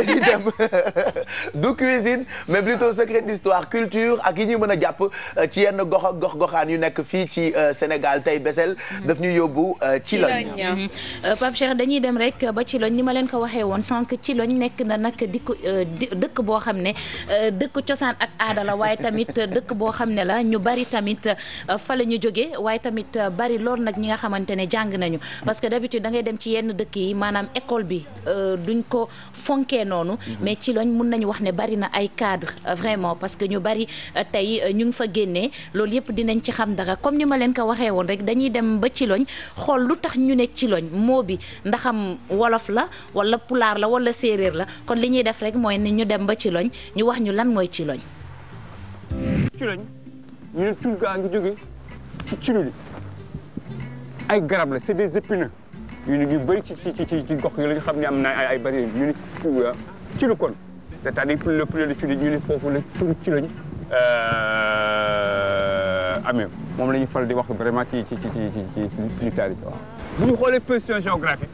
dañuy dem du cuisine mais plutôt secret d'histoire culture ak yi ñuy mën a jàpp euh, ci yenn gox gox goxaan yu nekk fii ci euh, Sénégal tey Bessél mhm. daf ñuy yóbbu ci euh, loñ mhm. Pape dañuy dem rek ba ci loñ ni ma leen ko waxee woon sànq ci loñ nekk na nag dikk dëkk boo xam ne dëkk cosaan ak aadala waaye tamit dëkk boo xam ne la ñu bari tamit fa la ñu jógee waaye tamit bari lool nag ñi nga xamante ne jàng nañu parce que d'habitude da ngay dem ci yenn dëkk yi maanaam école bi duñ ko fonkee noonu mhm. mais ci loñ mun nañu wax wax ne bari na ay cadre euh, vraiment parce que ñu bari euh, tey euh, ñu ngi fa génnee loolu yëpp dinañ ci xam dara comme ni ma leen ko waxee woon rek dañuy dem ba ci loñ xool lu tax ñu ne ci loñ moo bi ndaxam wolof la wala pulaar la wala séeréer la kon li ñuy def rek mooy ne ñu dem ba ci loñ ñu wax ñu lan mooy ci loñ ci loñ ñu ne tul gaa ngi jóge ci ciluli ay garab la c'est des épineux yu ñu bëri ci ci ci gox yi la xam ne am na ay ay bari ñu ne c'est-à-dire le plus de ci ñu ni foofu la tur ci lañ euh, amee moom la ñu faral di wax vraiment ci ci ci ci ci suñu bu ñu xoolee position géographique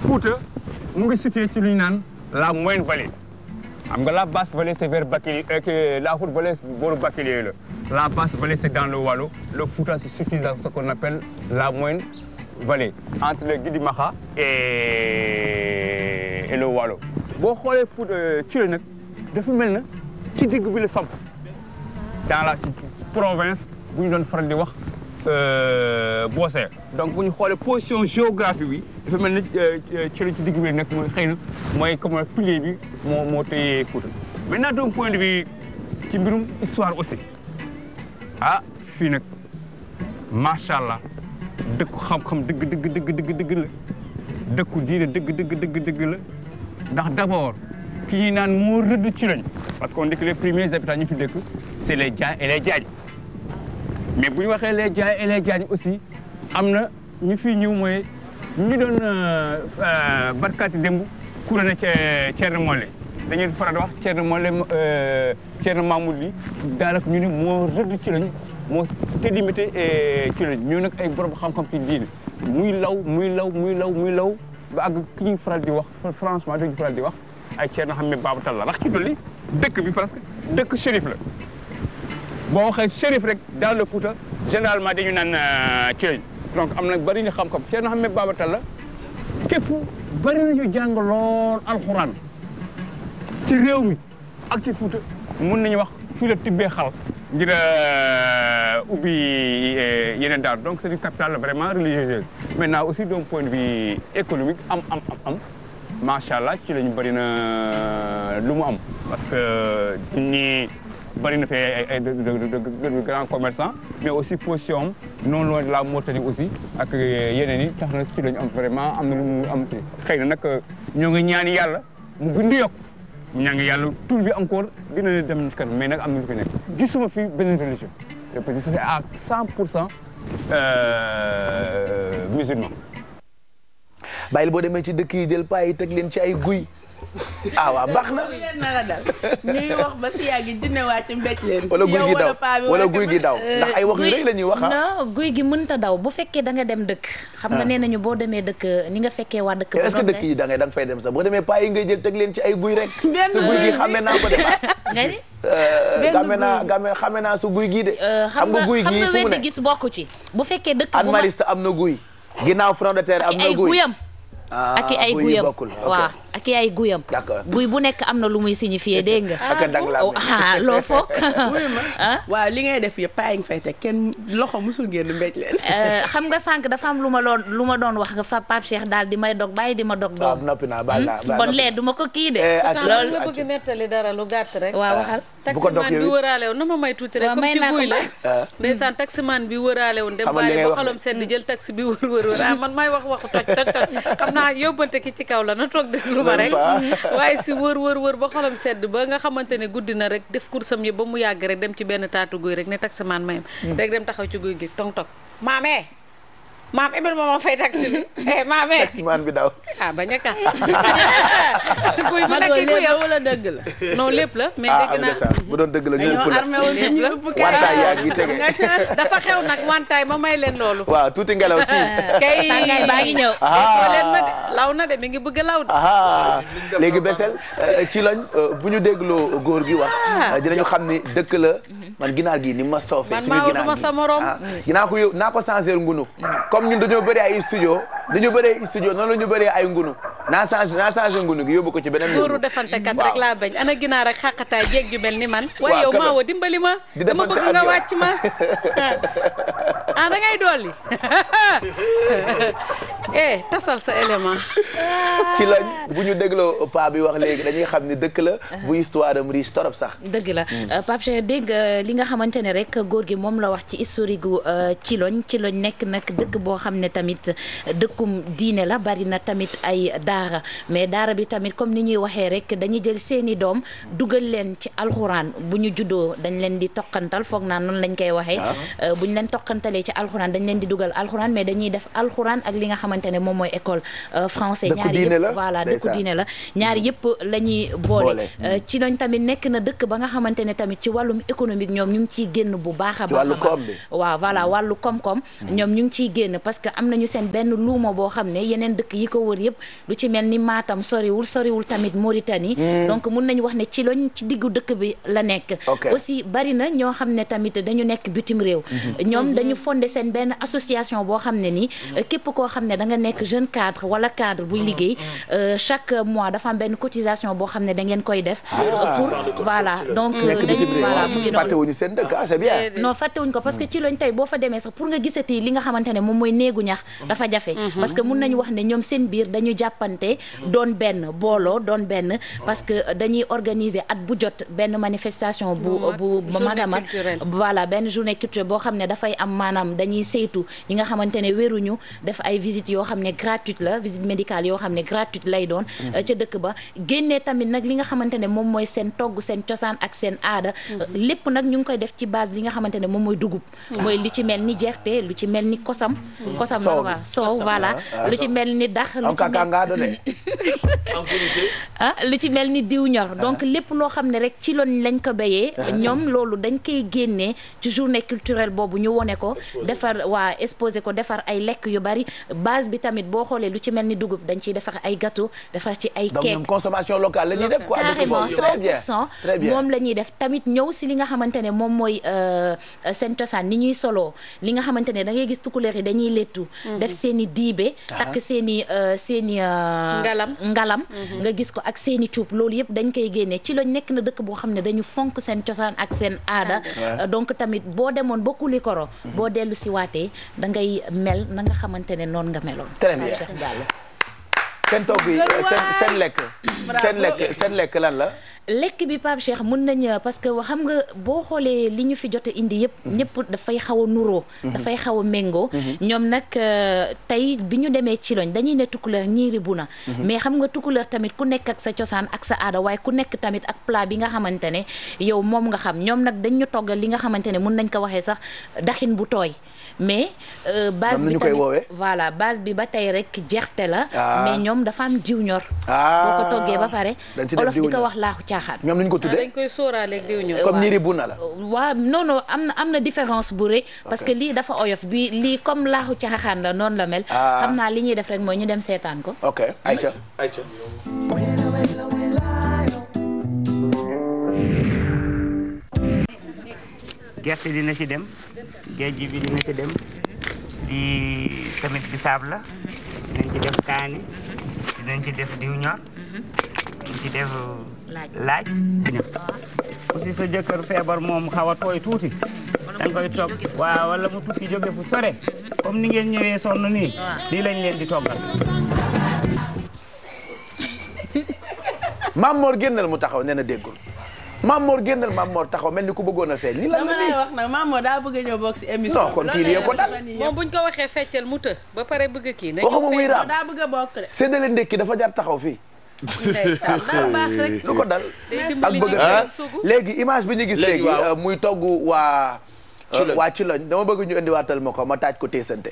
Fouta mu ngi situé ci lu ñu naan la moyenne vallée xam nga la basse vallée c'est vers Bakili ak euh, la haute la. la basse vallée c'est dans le Waalo le Fouta se situe dans ce qu'on appelle la moyenne vallée entre le Guidimaxa et et le Waalo. boo xoolee fu euh, Thiel nag dafa mel na ci digg bi la samp dans la bu ñu doon faral di wax euh, Bossé. donc bu ñu xoolee position géographique bi dafa mel na euh, Thiel ci digg bi nag mooy xëy na mooy comme pilier bi moo moo téye Fouta. maintenant d'un point de bi ci mbirum histoire aussi ah fii nag macha allah dëkku xam-xam dëgg dëgg dëgg dëgg dëgg la dëkku diine dëgg dëgg dëgg dëgg la. ndax d' abord ki ñuy naan moo rëdd ci lañ parce que dit que les premiers habitants ñu fi dëkk c' est les Diagne et les mais bu ñu waxee les Diagne et les Diagne aussi am na ñu fi ñëw mooy ñu doon euh, euh, barkaati démb kuréel na Thierno Molle dañuy faral di wax Thierno Molle euh, Thierno Mamoud li daanaka ñu ne moo rëdd ci lañ moo télimité ci lañ ñu nag ay borom xam-xam ci diine muy law muy law muy law muy law ba ak ki ñuy di wax franchement dañuy faral di wax ay Thierno Hammet Baba Talla rax ci li dëkk bi presque dëkk shérif la boo waxee shérif rek dans le Fouta généralement dañu naan euh, Thiel donc am na bëri ñu xam-xam Thierno Hammet Baba Talla képp bëri nañu jàng lool alxuraan ci réew mi ak ci Fouta mun nañu wax fii la tibbee xal ngir euh, ubbi euh, yeneen daal donc c'est une capitale vraiment religieuse maintenant aussi d'un point de vue économique am am am am macha allah ci lañu bëri na lu mu am parce que ñi bëri na fee ay ay de grands commerçants mais aussi position am non loin de la Mauritanie aussi ak yeneen yi tax na ci lañu am vraiment am na lu mu am ci xëy na nag ñoo ngi ñaan yàlla mu gën yokk mu ñaan yàlla tur bi encore gën dem ci kanam mais nag am na lu fi ne gisuma fi benn religion parce que c'est à 100 pour cent Euh, musulman bàyyil boo demee ci dëkk yi jël paa yi teg leen ci ay guy ah waaw baax na nara dal ñuy wax ba si yàgg jinne wàcc mbéj leen wala guy gi daw wala guy gi daw ndax ay wax yu rëy la ñuy wax ah. non guy gi mënta daw bu fekkee da dem dëkk xam nga ah. nee nañu boo demee dëkk ni nga fekkee waa dëkk est-ce que dëkk yi da ngay dem sax boo demee paa yi ngay jël teg leen ci ay guy rek su guy gi xamee naa ko def nga ni game naa game xamee naa su guy gii de euh, xam nga guy gi fu mu gis bokk ci bu fekkee dëkk bu ma am na guy ginnaaw front de terre am na guy ak ay guyam ak ah, ay guyam waaw ak yaay guyam. guy bu nekk am na lu muy signifié dégg nga. Ah, ah loo foog. Ah? waaw li ngay def yëpp paa ngi fay teg kenn loxo musul génn mbéj leen. Euh, xam nga sànq dafa am lu ma loon lu ma doon wax nga fa Pape Cheikh daal di may dog bàyyi di ma dog. doom ah, noppi naa baal naa hmm? lee duma ko kii de. Eh, loolu nga bëgg nettali dara lu gàtt rek. waaw waxal. taximan bi wëraale woon na ma may tuuti rek. comme ci guy la ndeysaan taximan bi wëraale woon dem baale ba xolam sedd jël taxi bi wër wër wër man may wax waxu toj toj toj xam naa yóbbante ki ci kaw la na toog déglu ba rek waaye si wër wër wër ba xolam sedd ba nga xamante ne guddi na rek def kursam yi ba mu yàgg rek dem ci benn taatu guy rek ne taximaan mayam mm. rek dem taxaw ci guy gi tong tong maamee maam ibil moom fay taxi bi eh maame. taxi man bi daw. ah bañ a kaa. ma doon lépp la dëgg la. non lépp la mais ah, dégg naa bu doon dëgg la ñu ëpp ma may leen loolu. waaw tuuti ngelaw tii. kay tàngaay ñëw. leen na de law na de mi ngi bëgg a law de. léegi Bessél euh, ci lañ euh, bu ñu dégloo góor gi wax ah. dinañu xam ni dëkk la. man ginaar gi ni ma soofe suñu ginaar gi sa morom ah, naa ko yób naa ko changer ngunu comme ñun dañoo bëri ay studio dañoo bëri ay studio noonu ñu bëree ay ngunu naa changer naa changer ngunu gi yóbbu ko ci beneen nguuru defante kat rek laa bañ ana ginaar ak xàqataay jéeg ju mel ni man waaye yow maa dimbali ma dama bëgg nga wàcc ma ah ngay dolli eh tasal sa élément. ci lañ bu ñu dégloo paa bi wax léegi dañuy xam ni dëkk la. bu uh-huh. histoire am riche torop sax. dëgg la mm. euh, Pape Cheikh dégg euh, li nga xamante ne rek góor gi moom la wax ci historique gu Ciloñ euh, Ciloñ nekk nag dëkk boo xam ne tamit dëkkum diine la bari na tamit ay daara mais daara bi tamit comme ni ñuy waxee rek dañuy jël seeni doom dugal leen ci alxuraan bu ñu juddoo dañ leen di toqantal foog naa noonu lañ koy waxee. Ah. bu ñu leen toqantalee ci alxuraan dañ leen di dugal alxuraan mais dañuy xamante ne moom mooy école euh, français ñaari yëpp voilà la ñaari mm-hmm. yëpp boole euh, ci tamit nekk na dëkk ba nga xamante ne tamit ci wàllum économique ñoom ñu ngi ciy génn bu baax a baax waaw voilà mm-hmm. wàllu koom-koom mm-hmm. ñoom ñu ngi ciy génn parce que am nañu seen benn luuma boo xam ne yeneen dëkk yi ko wër yëpp lu ci mel ni Matam soriwul soriwul tamit Mauritanie donc mun nañu wax ne ci loñ ci diggu dëkk bi la nekk aussi bari na ñoo xam ne tamit dañu nekk bitim réew ñoom dañu fondé seen benn boo xam nga nekk jeune cadre wala cadre buy mm-hmm. liggéey mm-hmm. Euh, chaque mois dafa am benn cotisation boo xam ne da ngeen koy def. Ah, euh, pour voilà donc. Euh, dañu voilà mu ngi noonu fàttewuñu seen ah, ko parce que mm. ci lañ tey boo fa demee sax pour nga gisati li nga xamante ne moom mooy néegu ñax mm-hmm. dafa jafe. parce que mun nañu wax ne ñoom seen biir dañuy jàppante doon benn booloo doon benn parce que dañuy organiser at bu jot benn manifestation bu bu mag a mag voilà benn journée culturelle boo xam ne dafay am maanaam dañuy saytu ñi nga xamante ne def ay visites yoo xam ne gratuite la visite médicale yoo xam ne gratuite lay doon mhm. ca dëkk ba génnee tamit nag li nga xamante ne moom mooy seen togg seen cosaan ak seen aada mhm. euh, lépp nag ñu ngi koy def ci base li nga xamante ne moom mooy dugub ah. mooy lu ci mel ni jeexte lu ci mel ni kosam mhm. kosam la soow voilà lu ci mel ni dax lu ci mel ah ci mel ni diw ñor ah. donc lépp loo xam ne rek ci loon lañ ko béyee ah. ñoom loolu dañ koy génnee ci journée culturel boobu ñu wone ko defar waa exposé ko defar ay lekk yu bari base base bi tamit boo xoolee lu ci mel ni dugub dañ ciy defar ay gâteau defar ci ay cake la ñuy def moom la def tamit ñëw si li nga xamante ne moom mooy euh, euh, seen cosaan ni ñuy soloo li nga xamante ne da ngay gis tukuleer yi dañuy lettu mhm. def seen i diibe takk ah. seen i euh, seen i ngalam ngalam mhm. nga gis ko ak seeni i cuub loolu yëpp dañ koy génne ci lañ nekk na dëkk boo xam ne dañu fonk seen cosaan ak seen aada ah. donc tamit boo demoon ba kulikoro mhm. boo dellu si waatee da mel na nga xamante meloon. très bien seen togg yi lekk seen seen lekk lan la. lekk bi Pape Cheikh mën nañ parce que xam nga boo xoolee li ñu fi jot indi yëpp mhm. ñëpp dafay xaw a nuroo mhm. dafay xaw a méngoo mhm. ñoom nag euh, tey bi ñu demee ci loñ dañuy ne tukkuleer ñiiri bu na mais xam nga tukkuleer tamit ku nekk sa cosaan ak sa aada waaye ku nekk tamit ak plat bi nga xamante ne yow moom nga xam ñoom nag dañ ñu toggal li nga xamante ne mën nañ ko waxee sax daxin bu tooy mais euh, base bi tamit voilà base bi ba tey rek jeexte la ah. mais ñoom dafa am jiw ñor ah. boo ko toggee ba pare olof di ko wax laaxu caaxaan. ñoom lañ ko tuddee ah, dañ koy sóoraale ak diw ñoom. comme niiri buna la. Euh, waaw non am na am na différence bu rëy. parce que lii dafa oyof bi lii comme laaxu caaxaan la noonu la mel. Ah. xam naa li ñuy def rek mooy ñu dem seetaan ko. ok ayca ayca. gerte dina ci dem géej bi dina ci dem lii tamit bisaab la dinañ ci def kaani dinañ ci def diw ñor. Mhm. ci def laaj aussi sa jëkkër feebar moom xaw a tooy tuuti dañ koy toog waaw wala mu tukki jóge fu sore comme ni ngeen ñëwee sonn nii lii lañ leen di toggal maam Mor génnal mu taxaw nee na déggul maam Mor génnal maam taxaw mel ni ku bëggoon a feeñ. li la la wax nag maam Mor daa bëgg ñëw bokk si émission. ko dal moom ko waxee feccal mu të ba pare bëgg kii. waxuma muy daa bëgg a bokk de. séddale ndekki dafa jar taxaw fii. lu ko dal ak bëgg ah? léegi image bi ñu gis léegi euh, muy togg waa euh, waa ci loñ dama bëgg ñu indiwaatal ma ko ma taaj ko téesante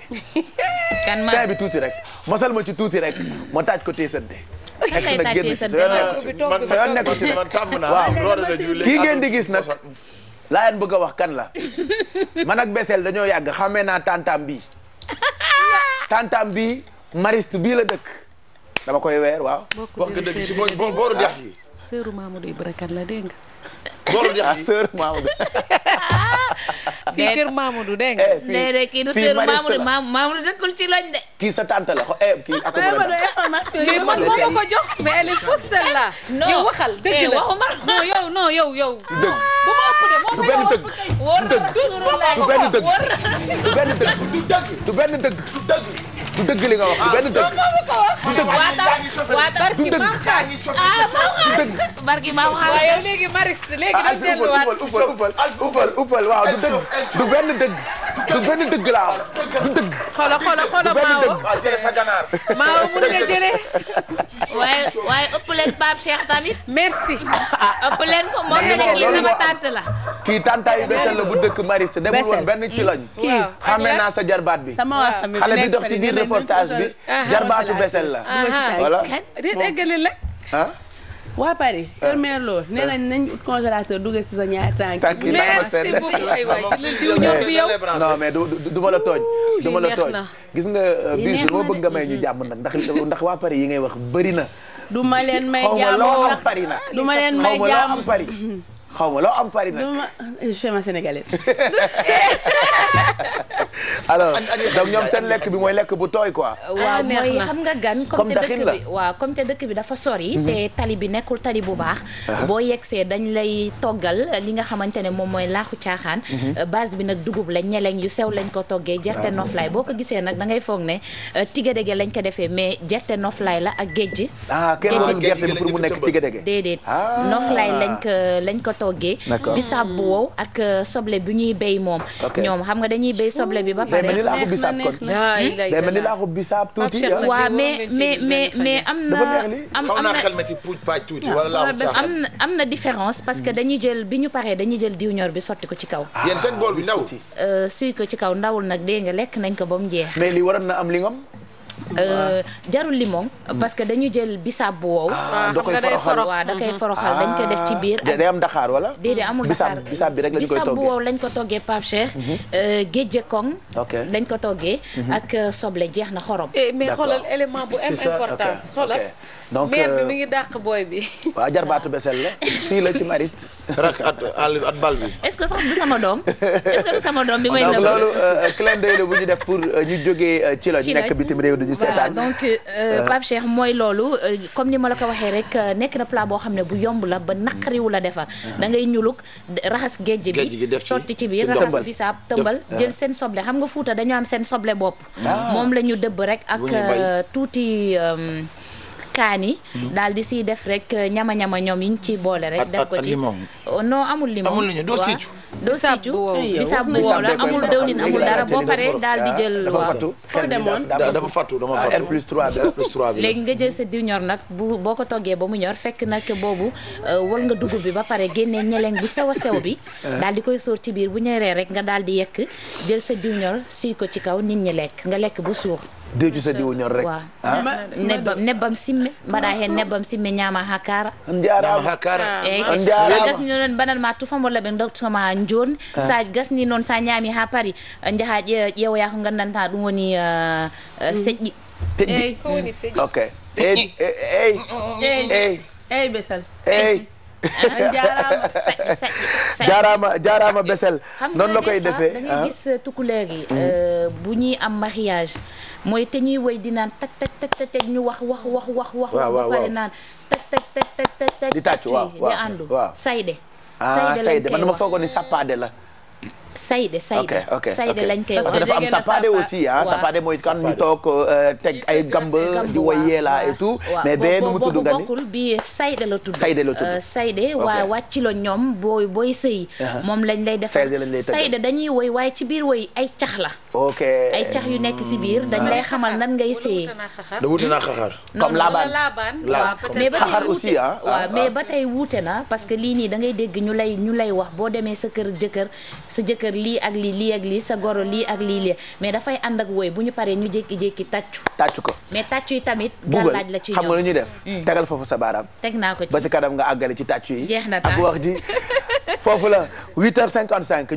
fin bi tuuti rek mosal ma ci tuuti rek ma taaj ko téesante ex nag génn yoon nekk ci na tàmm naa waaw kii ngeen di gis nag laa leen bëgg a wax kan la man ak Bessél dañoo yàgg xamee naa tantam bii tantam bi marist bii la dëkk dama koy weer waaw. wax nga dëgg si boobu booru dex yi. sëru Mamadou Ibra Kane la dégg nga. booru dex yi ah, sëru Mamadou. fii kër Mamadou dégg nga. léeg-léeg eh, kii du sëru Mamadou Mamadou dëkkul ci lañ de. kii sa tante la ko eh, kii ak ko man eh, moo ma ko jox mais elle est fausse celle-là. yow waxal dëgg la waxuma non yow non yow yow. dëgg bu ma ëpp de moom la yow du benn dëgg. war na sëru laay war du benn dëgg du benn dëgg du dëgg. du dëgg li nga wax du benn dëgg. Ah, du dëgg ah, du dëgg barki maam xaar waaw yow léegi maris léegi dafa ah, delluwaat ubal ubal ubal ubal waaw du dëgg du benn dëgg du benn dëgg laa wax du dëgg. xoolal xoolal xoolal Maawo waaw jëlee sa ganaar Maawo mun nga jëlee. waaye waaye ëpp leen Pape Cheikh merci. ëpp ko moom la ne kii sama tante la. kii tantaayu Bessél la bu dëkk Mariste. Bessél demul woon benn ci lañ. kii xamee naa sa jarbaat bi. sama waa famille xale bi dox ci biir reportage bi. jarbaatu Bessél la. voilà. ah waa Paris kër meer lool nee nañ nañ ut congélateur duggee si sa ñaar tànk yi. merci beaucoup non mais du ma la tooñ. du ma la tooñ gis nga biir bi ma bëgg nga may ñu jàmm nag ndax ndax waa Paris yi ngay wax bëri na. du ma leen may jàmm ndax du ma leen may jàmm Paris. xaw ma loo am Paris nag. je suis ma sénégalaise. alors donc ñoom seen lekk bi mooy lekk bu tooy quoi. Ah, waaw mooy xam nga gan. comme daxin la waaw comme te dëkk bi dafa sori. Mhm. te tali bi nekkul tali bu baax. Ah. boo yegsee dañ lay toggal li nga xamante ne moom mooy laaxu caaxaan. Mhm. Euh, base bi nag dugub lañ ñeleñ yu sew lañ ko toggee jerte ah. noflaay boo ko gisee nag da ngay foog ne euh, tigedege lañ ko defee mais jerte noflaay la ak géej. ah kenn doon gerte bi pour mu nekk tigedege. déedéet noflaay lañ ko lañ ko toggee. bisaab bu wow ak euh, soble bi ñuy béy moom. ñoom xam nga dañuy béy soble bi ba pare day mel ni laaxu bisaab kon tuuti. Ah. waaw mais mais mais am na. am na xaw différence parce que dañuy jël bi ñu paree dañuy jël diw bi sotti ko ci kaw. Ah, yéen seen bool bi ndaw. Euh, suy ko ci kaw ndawul nag dégg nga lekk nañ ko ba mu jeex. mais li waroon na am li ngom Euh, jarul limon mm. parce que dañu jël bisaab bu wow ah, mm-hmm. da koy foroxal waaw dañ ko def ci biir ah, day am daxaar wala déedéet amul daxaar bisaab bi rek lañ koy toggee bisaab ko toggee Pape Cheikh mm-hmm. euh, géej kong lañ ko toggee mm-hmm. ak euh, soble jeex na xorom eh, mais xoolal élément bu am importance xoolal donc maire bi euh, mi ngi dàq booy bi. waaw jarbaatu besel la fii la ci Mariste. rak at at bal bi. est-ce que sax du sama doom est-ce que du sama doom bi may. donc loolu euh, clin d'œil la bu ñu def pour euh, ñu jógee ci la ñu nekk bitim réew du ñu seetaan. mooy loolu comme ni ma la ko waxee rek nekk na plat boo xam ne bu yomb la ba naqariw la defar. da ngay ñuluk raxas géej bi géej gi def sotti ci biir raxas bisaab tëmbal jël seen soble xam nga Fuuta dañoo am seen soble bopp. Ah. moom la ñu dëbb rek ak tuuti. kaani mm. daal di siy def rek ñama ñama ñoom yi ñu ciy boole rek. def ko ci oh, non amul limon. amul limon doo siiju. doo siiju bisaab bu woow la amul dëwlin amul dara boo paree daal di jël. waaw foo demoon dafa fattu dama fattu. léegi nga jël sa diw ñor nag bu boo ko toggee ba mu ñor fekk nag boobu euh, wal nga dugub bi ba pare génnee ñeleng bu sew a sew bi. daal di koy sóor ci biir bu ñoree rek nga daal di yekk jël sa diw ñor suy ko ci kaw nit ñi lekk nga lekk bu suur. deju sadi wonyon rek ah. nebbam nebbam simme mbaɗa hen nebbam simme ñama ha kara jarama ha kara a ah. gasni eh, noon mbaɗanma tufam walla ɓe doktoma jonni sa gasni ah. noon sa ñaami ha paari jaaha ƴeewoya ko gandanta ɗum woni euh, euh, mm. seƴƴi teƴƴi mm. ok eyi eyi eyi eyi besal eyi jarama jarama besel noon la koy defee da ngay gis tukkuleer yi mm. euh, bu ñuy am mariage mooy te ñuy woy di naan tag tag tag tag ñu wax wax wax wax wax wax pare naan tag tag tag tag tag tag di tàcc waaw waaw di àndu sayde ah, sayde man dama foogoon ni sappaade la sayde sayde sayde lañ koy wax parce que dafa am sappaade aussi ah sappaade mooy kan ñu toog euh, teg ay gamb di woy yeelaa et tout mais bee nu mu tudd nga ni bokkul bi sayde la tudd sayde la tudd euh, sayde waa wàcci la ñoom booy booy sëy uh-huh. moom lañ lay def sayde dañuy woy waaye ci biir woy ay cax la ok ay cax yu nekk si biir dañ lay xamal nan ngay seeyee. da wute naa xaxar. Hmm? comme laabaan laabaan mais ba xaxar aussi ah. mais ba tey wuute ah. ah, ah. na parce que lii nii da ngay dégg ñu lay ñu lay wax boo demee sa kër jëkkër sa jëkkër lii ak lii lii ak lii sa goro lii ak lii lii mais dafay ànd ak woy bu ñu paree ñu jékki-jékki tàccu. tàccu ko mais tàccu yi tamit. gàllaaj la ci ñëw xam nga lu ñuy def. Hmm. tegal foofu sa baaraam. teg naa ko ci ba ci kanam nga àggale ci tàccu yi. jeex na taal ak wax ji foofu la 8h55